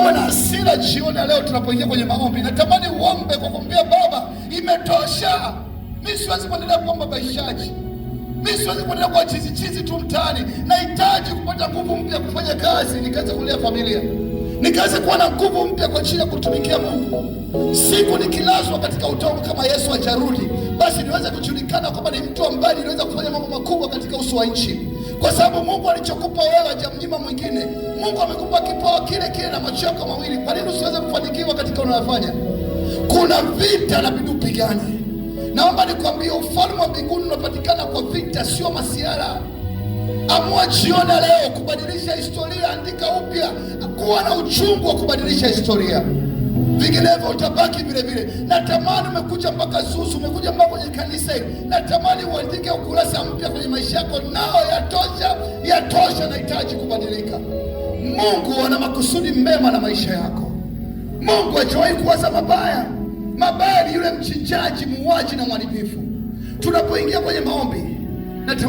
usiwe na hasira jioni ya leo tunapoingia kwenye maombi. Natamani uombe kwa kumwambia Baba, imetosha. Mimi siwezi kuendelea kuomba baishaji, mimi siwezi kuendelea kwa chizi chizi tu mtaani. Nahitaji kupata nguvu mpya kufanya kazi, nikaweze kulea familia, nikaweze kuwa na nguvu mpya kwa ajili ya kutumikia Mungu. Siku nikilazwa katika utongo, kama Yesu ajarudi, basi niweze kujulikana kwamba ni mtu ambaye niliweza kufanya mambo makubwa katika uso wa nchi kwa sababu Mungu alichokupa wewe hajamnyima mwingine. Mungu amekupa kipawa kile kile na macho yako mawili, kwa nini usiweze kufanikiwa katika unayofanya? Kuna vita na bidii, pigane. Naomba nikwambie, ufalme wa mbinguni unapatikana kwa vita, sio masiara. Amua jiona leo kubadilisha historia, andika upya, kuwa na uchungu wa kubadilisha historia vinginevyo utabaki vile vile. Natamani umekuja mpaka susu, umekuja mpaka kwenye kanisa hili, natamani uandike ukurasa mpya kwenye maisha yako. Nao yatosha, yatosha, nahitaji kubadilika. Mungu ana makusudi mema na maisha yako. Mungu hajawahi kuwaza mabaya. Mabaya ni yule mchinjaji, muuaji na mharibifu. Tunapoingia kwenye maombi